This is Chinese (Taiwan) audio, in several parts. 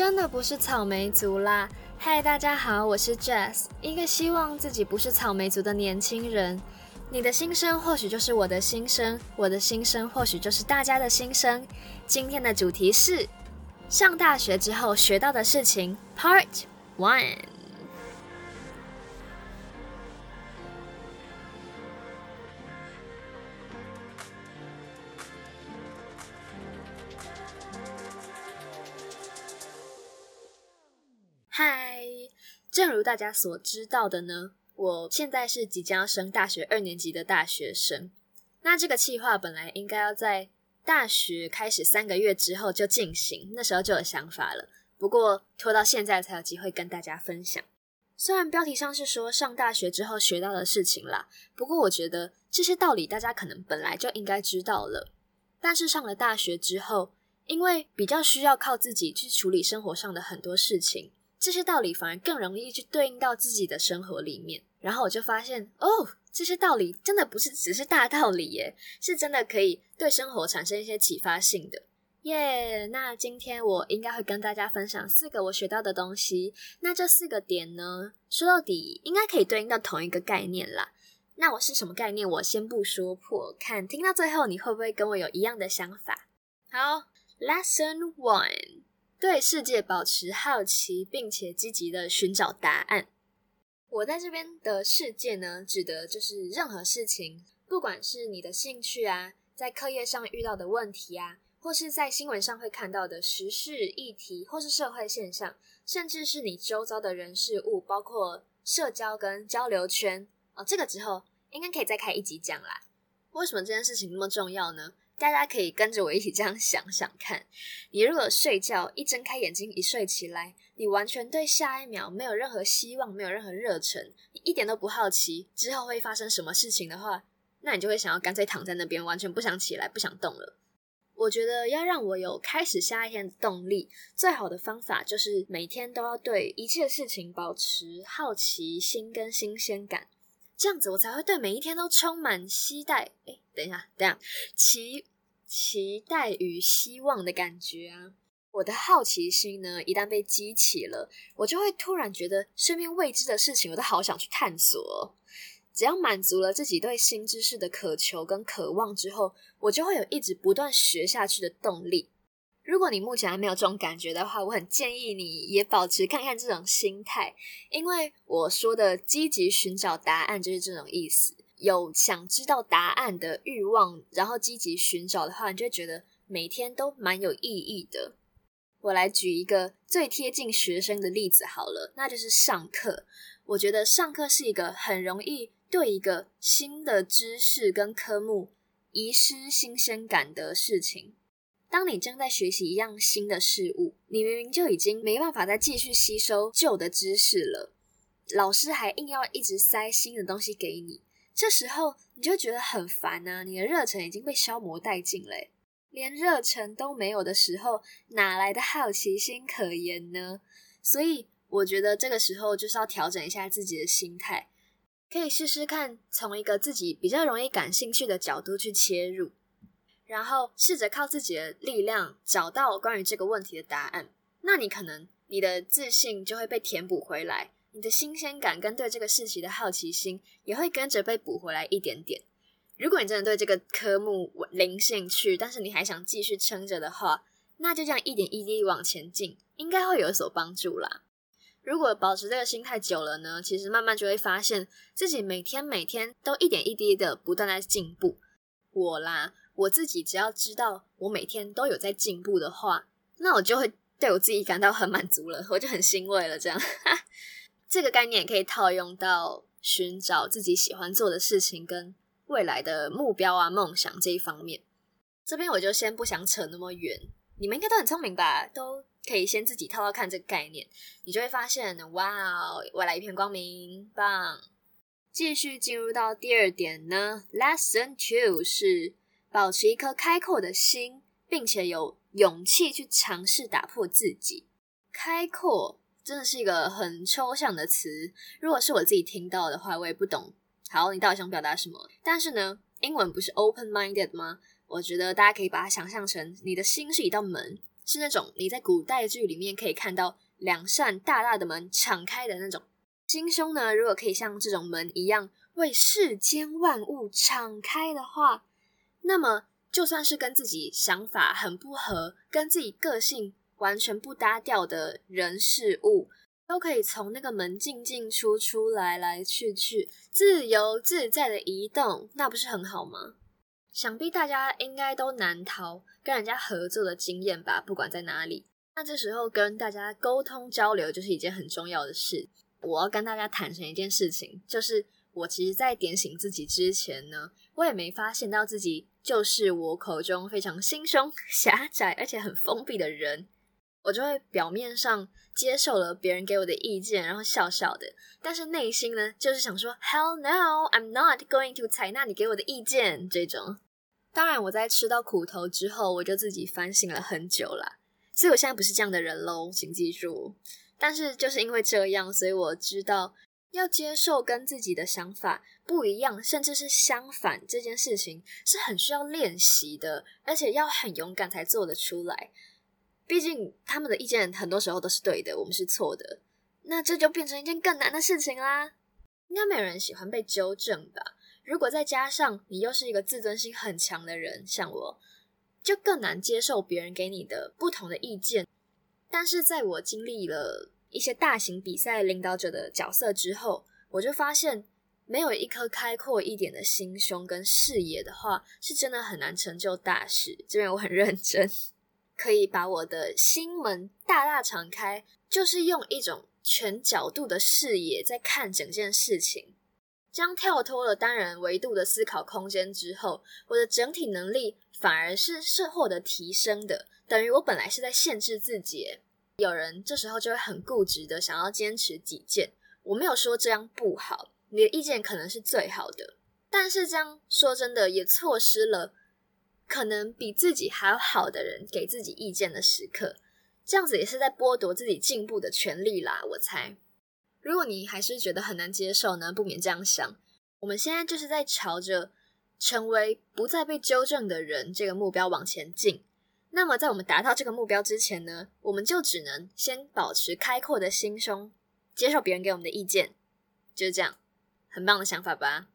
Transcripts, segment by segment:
真的不是草莓族啦！嗨，大家好，我是 Jess，一個希望自己不是草莓族的年輕人。你的心聲或許就是我的心聲，我的心聲或許就是大家的心聲。今天的主題是上大學之後學到的事情，Part One。正如大家所知道的呢，我現在是即將升大學二年級的大學生。那這個計劃本來應該要在大學開始三個月之後就進行，那時候就有想法了。不過拖到現在才有機會跟大家分享。雖然標題上是說上大學之後學到的事情啦，不過我覺得這些道理大家可能本來就應該知道了。但是上了大學之後，因為比較需要靠自己去處理生活上的很多事情，這些道理反而更容易去對應到自己的生活裡面，然後我就發現，哦，這些道理真的不是只是大道理耶，是真的可以對生活產生一些啟發性的耶。Yeah, 那今天我應該會跟大家分享四個我學到的東西，那這四個點呢，說到底應該可以對應到同一個概念啦。那我是什麼概念，我先不說破，看聽到最後你會不會跟我有一樣的想法？好，Lesson One。對世界保持好奇，並且積極地尋找答案。我在這邊的世界呢，指的就是任何事情，不管是你的興趣啊，在課業上遇到的問題啊，或是在新聞上會看到的時事議題，或是社會現象，甚至是你周遭的人事物，包括社交跟交流圈哦，這個之後應該可以再開一集講啦。為什麼這件事情那麼重要呢？大家可以跟着我一起這樣想想看，你如果睡覺一睜開眼睛一睡起來，你完全對下一秒沒有任何希望，沒有任何熱忱，你一點都不好奇之後會發生什麼事情的話，那你就會想要乾脆躺在那邊，完全不想起來，不想動了。我覺得要讓我有開始下一天的動力，最好的方法就是每天都要對一切事情保持好奇心跟新鮮感，這樣子我才會對每一天都充滿期待。哎，等一下，等下其。期待與希望的感覺啊！我的好奇心呢，一旦被激起了，我就會突然覺得身邊未知的事情，我都好想去探索哦。只要滿足了自己對新知識的渴求跟渴望之後，我就會有一直不斷學下去的動力。如果你目前還沒有這種感覺的話，我很建議你也保持看看這種心態，因為我說的積極尋找答案就是這種意思。有想知道答案的慾望，然後積極尋找的話，你就會覺得每天都蠻有意義的。我來舉一個最貼近學生的例子好了，那就是上課。我覺得上課是一個很容易對一個新的知識跟科目遺失新鮮感的事情。當你正在學習一樣新的事物，你明明就已經沒辦法再繼續吸收舊的知識了，老師還硬要一直塞新的東西給你。這時候你就覺得很煩啊！你的熱忱已經被消磨殆盡嘞，連熱忱都沒有的時候，哪來的好奇心可言呢？所以我覺得這個時候就是要調整一下自己的心態，可以試試看從一個自己比較容易感興趣的角度去切入，然後試着靠自己的力量找到關於這個問題的答案，那你可能你的自信就會被填補回來。你的新鮮感跟對這個事情的好奇心也會跟着被補回來一點點。如果你真的對這個科目零興趣，但是你還想繼續撐着的話，那就這樣一點一滴往前進，應該會有所幫助啦。如果保持這個心態久了呢，其實慢慢就會發現自己每天每天都一點一滴的不斷在進步。我啦，我自己只要知道我每天都有在進步的話，那我就會對我自己感到很滿足了，我就很欣慰了，這樣。 這個概念也可以套用到尋找自己喜歡做的事情跟未來的目標啊、夢想這一方面。這邊我就先不想扯那麼遠，你們應該都很聰明吧，都可以先自己套套看這個概念，你就會發現，哇哦，未來一片光明，棒！繼續進入到第二點呢，Lesson Two 是保持一顆開闊的心，並且有勇氣去嘗試打破自己，開闊。真的是一個很抽象的詞，如果是我自己聽到的話，我也不懂。好，你到底想表達什麼？但是呢，英文不是 open-minded 嗎？我覺得大家可以把它想象成，你的心是一道門，是那種你在古代劇裡面可以看到兩扇大大的門敞開的那種。心胸呢，如果可以像這種門一樣為世間萬物敞開的話，那麼就算是跟自己想法很不合，跟自己個性。完全不搭調的人事物，都可以從那個門進進出出、來來去去，自由自在的移動，那不是很好嗎？想必大家應該都難逃跟人家合作的經驗吧，不管在哪裡。那這時候跟大家溝通交流就是一件很重要的事。我要跟大家坦誠一件事情，就是我其實，在點醒自己之前呢，我也沒發現到自己就是我口中非常心胸狹窄，而且很封閉的人。我就會表面上接受了別人給我的意見，然後笑笑的，但是內心呢，就是想說 Hell no，I'm not going to 採納你給我的意見這種。當然，我在吃到苦頭之後，我就自己反省了很久啦，所以我現在不是這樣的人嘍，請記住。但是就是因為這樣，所以我知道要接受跟自己的想法不一樣，甚至是相反這件事情，是很需要練習的，而且要很勇敢才做得出來。畢竟他們的意見很多時候都是對的，我們是錯的，那這就變成一件更難的事情啦。應該沒有人喜歡被糾正吧？如果再加上你又是一個自尊心很強的人，像我，就更難接受別人給你的不同的意見。但是在我經歷了一些大型比賽領導者的角色之後，我就發現沒有一顆開闊一點的心胸跟視野的話，是真的很難成就大事。這邊我很認真。可以把我的心門大大敞開，就是用一種全角度的視野在看整件事情，這樣跳脫了單人維度的思考空間之後，我的整體能力反而是是獲得提升的。等於我本來是在限制自己，有人這時候就會很固執的想要堅持己見，我沒有說這樣不好，你的意見可能是最好的，但是這樣說真的也錯失了。可能比自己還要好的人給自己意見的時刻，這樣子也是在剝奪自己進步的權利啦。我猜，如果你還是覺得很難接受呢，不免這樣想：我們現在就是在朝着成為不再被糾正的人這個目標往前進。那麼，在我們達到這個目標之前呢，我們就只能先保持開闊的心胸，接受別人給我們的意見。就是這樣，很棒的想法吧？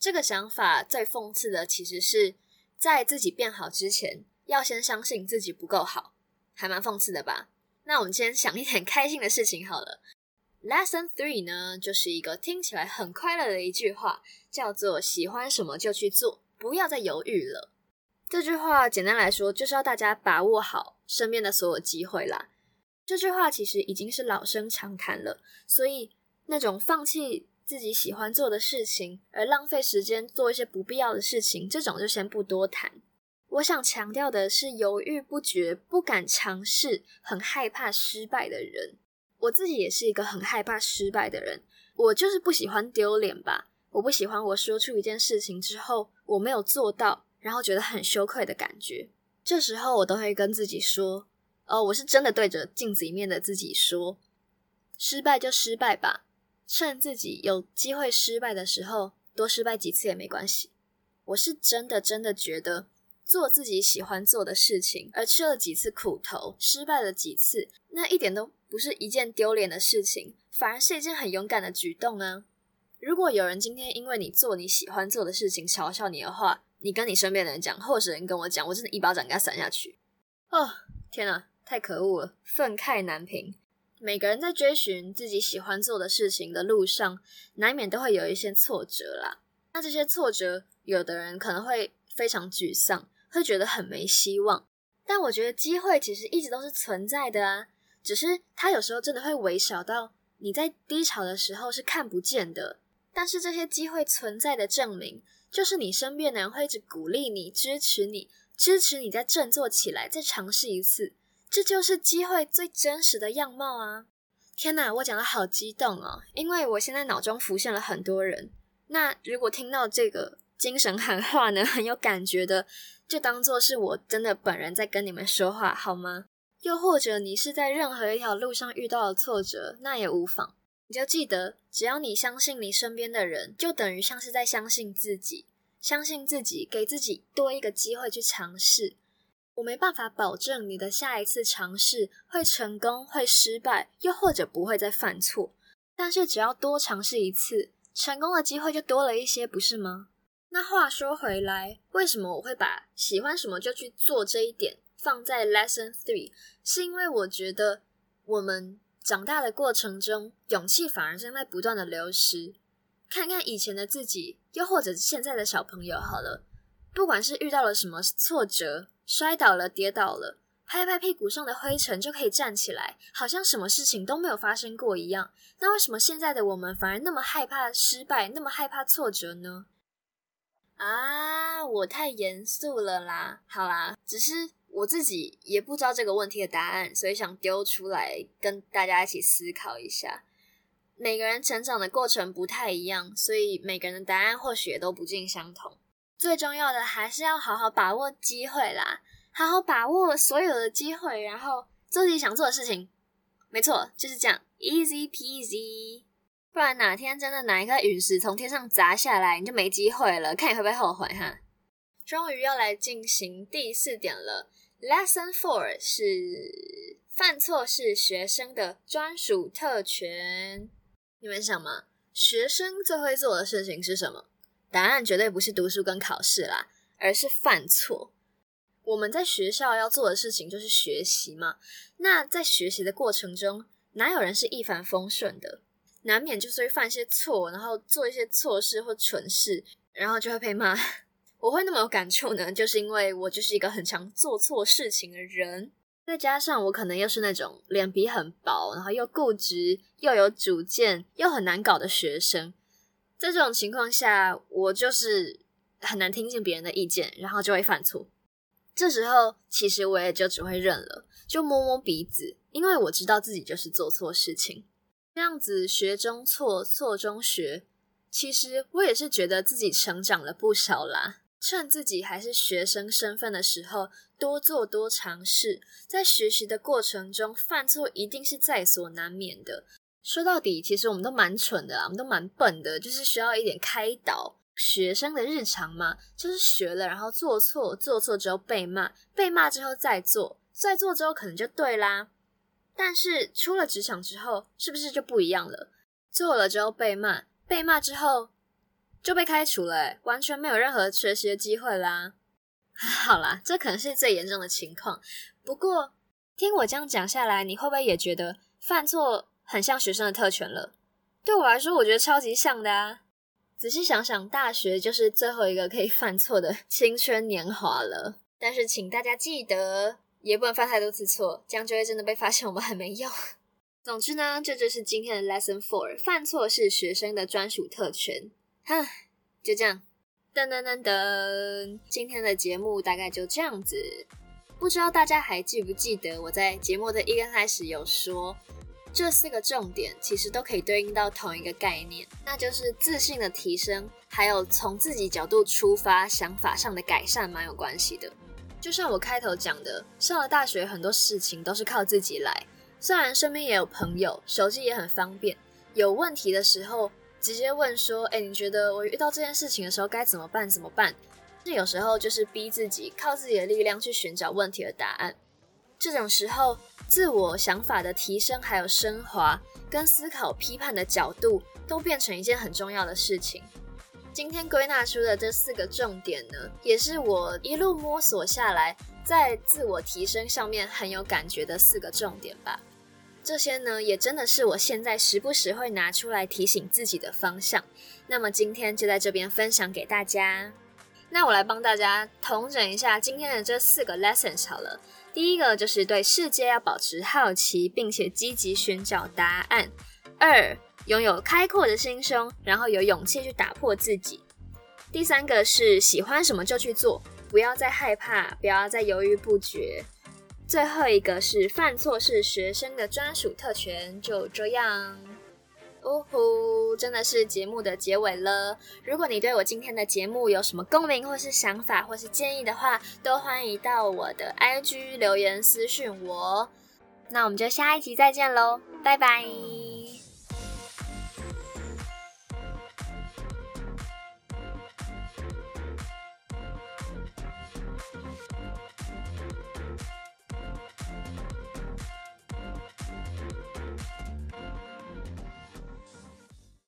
這個想法最諷刺的其實是，在自己變好之前，要先相信自己不夠好，還蠻諷刺的吧？那我們先想一點開心的事情好了。Lesson three 呢，就是一個聽起來很快樂的一句話，叫做“喜歡什麼就去做，不要再猶豫了”。這句話簡單來說，就是要大家把握好身邊的所有機會啦。這句話其實已經是老生常談了，所以那種放棄。自己喜歡做的事情，而浪費時間做一些不必要的事情，這種就先不多談。我想強調的是，猶豫不決、不敢嘗試、很害怕失敗的人。我自己也是一個很害怕失敗的人，我就是不喜歡丟臉吧。我不喜歡我說出一件事情之後，我沒有做到，然後覺得很羞愧的感覺。這時候我都會跟自己說：“哦，我是真的對着鏡子裡面的自己說，失敗就失敗吧。”趁自己有機會失敗的時候，多失敗幾次也沒關係。我是真的真的覺得，做自己喜歡做的事情，而吃了幾次苦頭，失敗了幾次，那一點都不是一件丟臉的事情，反而是一件很勇敢的舉動啊！如果有人今天因為你做你喜歡做的事情嘲笑你的話，你跟你身邊的人講，或者人跟我講，我真的，一巴掌給他扇下去！哦，天吶啊，太可惡了，憤慨難平。每個人在追尋自己喜歡做的事情的路上，難免都會有一些挫折啦。那這些挫折，有的人可能會非常沮喪，會覺得很沒希望。但我覺得機會其實一直都是存在的啊，只是它有時候真的會微小到你在低潮的時候是看不見的。但是這些機會存在的證明，就是你身邊的人會一直鼓勵你、支持你，支持你再振作起來，再嘗試一次。這就是機會最真實的樣貌啊！天哪，我講得好激動哦，因為我現在腦中浮現了很多人。那如果聽到這個精神喊話呢，很有感覺的，就當作是我真的本人在跟你們說話，好嗎？又或者你是在任何一條路上遇到了挫折，那也無妨，你就記得，只要你相信你身邊的人，就等於像是在相信自己，相信自己，給自己多一個機會去嘗試。我沒辦法保證你的下一次嘗試會成功，會失敗，又或者不會再犯錯。但是只要多嘗試一次，成功的機會就多了一些，不是嗎？那話說回來，為什麼我會把喜歡什麼就去做這一點放在 Lesson Three？是因為我覺得我們長大的過程中，勇氣反而正在不斷的流失。看看以前的自己，又或者現在的小朋友好了，不管是遇到了什麼挫折。摔倒了，跌倒了，拍拍屁股上的灰塵就可以站起來，好像什麼事情都沒有發生過一樣。那為什麼現在的我們反而那麼害怕失敗，那麼害怕挫折呢？啊，我太嚴肅了啦！好啦，只是我自己也不知道這個問題的答案，所以想丟出來跟大家一起思考一下。每個人成長的過程不太一樣，所以每個人的答案或許也都不盡相同。最重要的還是要好好把握機會啦，好好把握所有的機會，然後做自己想做的事情。沒錯，就是這樣，easy peasy。不然哪天真的哪一顆隕石從天上砸下來，你就沒機會了，看你會不會後悔哈。終於要來進行第四點了，Lesson Four 是犯錯是學生的專屬特權。你們想嗎？學生最會做的事情是什麼？答案絕對不是讀書跟考試啦，而是犯錯。我們在學校要做的事情就是學習嘛，那在學習的過程中，哪有人是一帆風順的？難免就是會犯一些錯，然後做一些錯事或蠢事，然後就會被罵。我會那麼有感觸呢，就是因為我就是一個很常做錯事情的人，再加上我可能又是那種臉皮很薄，然後又固執又有主見又很難搞的學生。在這種情況下，我就是很難聽進別人的意見，然後就會犯錯。這時候，其實我也就只會認了，就摸摸鼻子，因為我知道自己就是做錯事情。這樣子學中錯，錯中學，其實我也是覺得自己成長了不少啦。趁自己還是學生身份的時候，多做多嘗試，在學習的過程中犯錯一定是在所難免的。說到底，其實我們都蠻蠢的啦，我們都蠻笨的，就是需要一點開導。學生的日常嘛，就是學了，然後做錯，做錯之後被罵，被罵之後再做，再做之後可能就對啦。但是出了職場之後，是不是就不一樣了？做了之後被罵，被罵之後就被開除了，欸，完全沒有任何學習的機會啦。好啦，這可能是最嚴重的情況。不過聽我這樣講下來，你會不會也覺得犯錯？很像學生的特權了，對我來說，我覺得超級像的啊！仔細想想，大學就是最後一個可以犯錯的青春年華了。但是，請大家記得，也不能犯太多次錯，這樣就會真的被發現我們很沒用。總之呢，這就是今天的 lesson four，犯錯是學生的專屬特權。哼，就這樣，噔噔噔噔，今天的節目大概就這樣子。不知道大家還記不記得我在節目的一剛開始有說。這四個重點其實都可以對應到同一個概念，那就是自信的提升，還有從自己角度出發想法上的改善，蠻有關係的。就像我開頭講的，上了大學很多事情都是靠自己來，雖然身邊也有朋友，手機也很方便，有問題的時候直接問說：“哎，你覺得我遇到這件事情的時候該怎麼辦？怎麼辦？”那有時候就是逼自己靠自己的力量去尋找問題的答案。這種時候，自我想法的提升還有升華，跟思考批判的角度，都變成一件很重要的事情。今天歸納出的這四個重點呢，也是我一路摸索下來，在自我提升上面很有感覺的四個重點吧。這些呢，也真的是我現在時不時會拿出來提醒自己的方向。那麼今天就在這邊分享給大家。那我來幫大家統整一下今天的這四個 lessons 好了。第一個就是對世界要保持好奇，並且積極尋找答案；二，擁有開闊的心胸，然後有勇氣去打破自己；第三個是喜歡什麼就去做，不要再害怕，不要再猶豫不決；最後一個是犯錯是學生的專屬特權。就這樣。嗚呼，真的是節目的結尾了。如果你對我今天的節目有什麼共鳴，或是想法，或是建議的話，都歡迎到我的 IG 留言私訊我。那我們就下一集再見嘍，拜拜。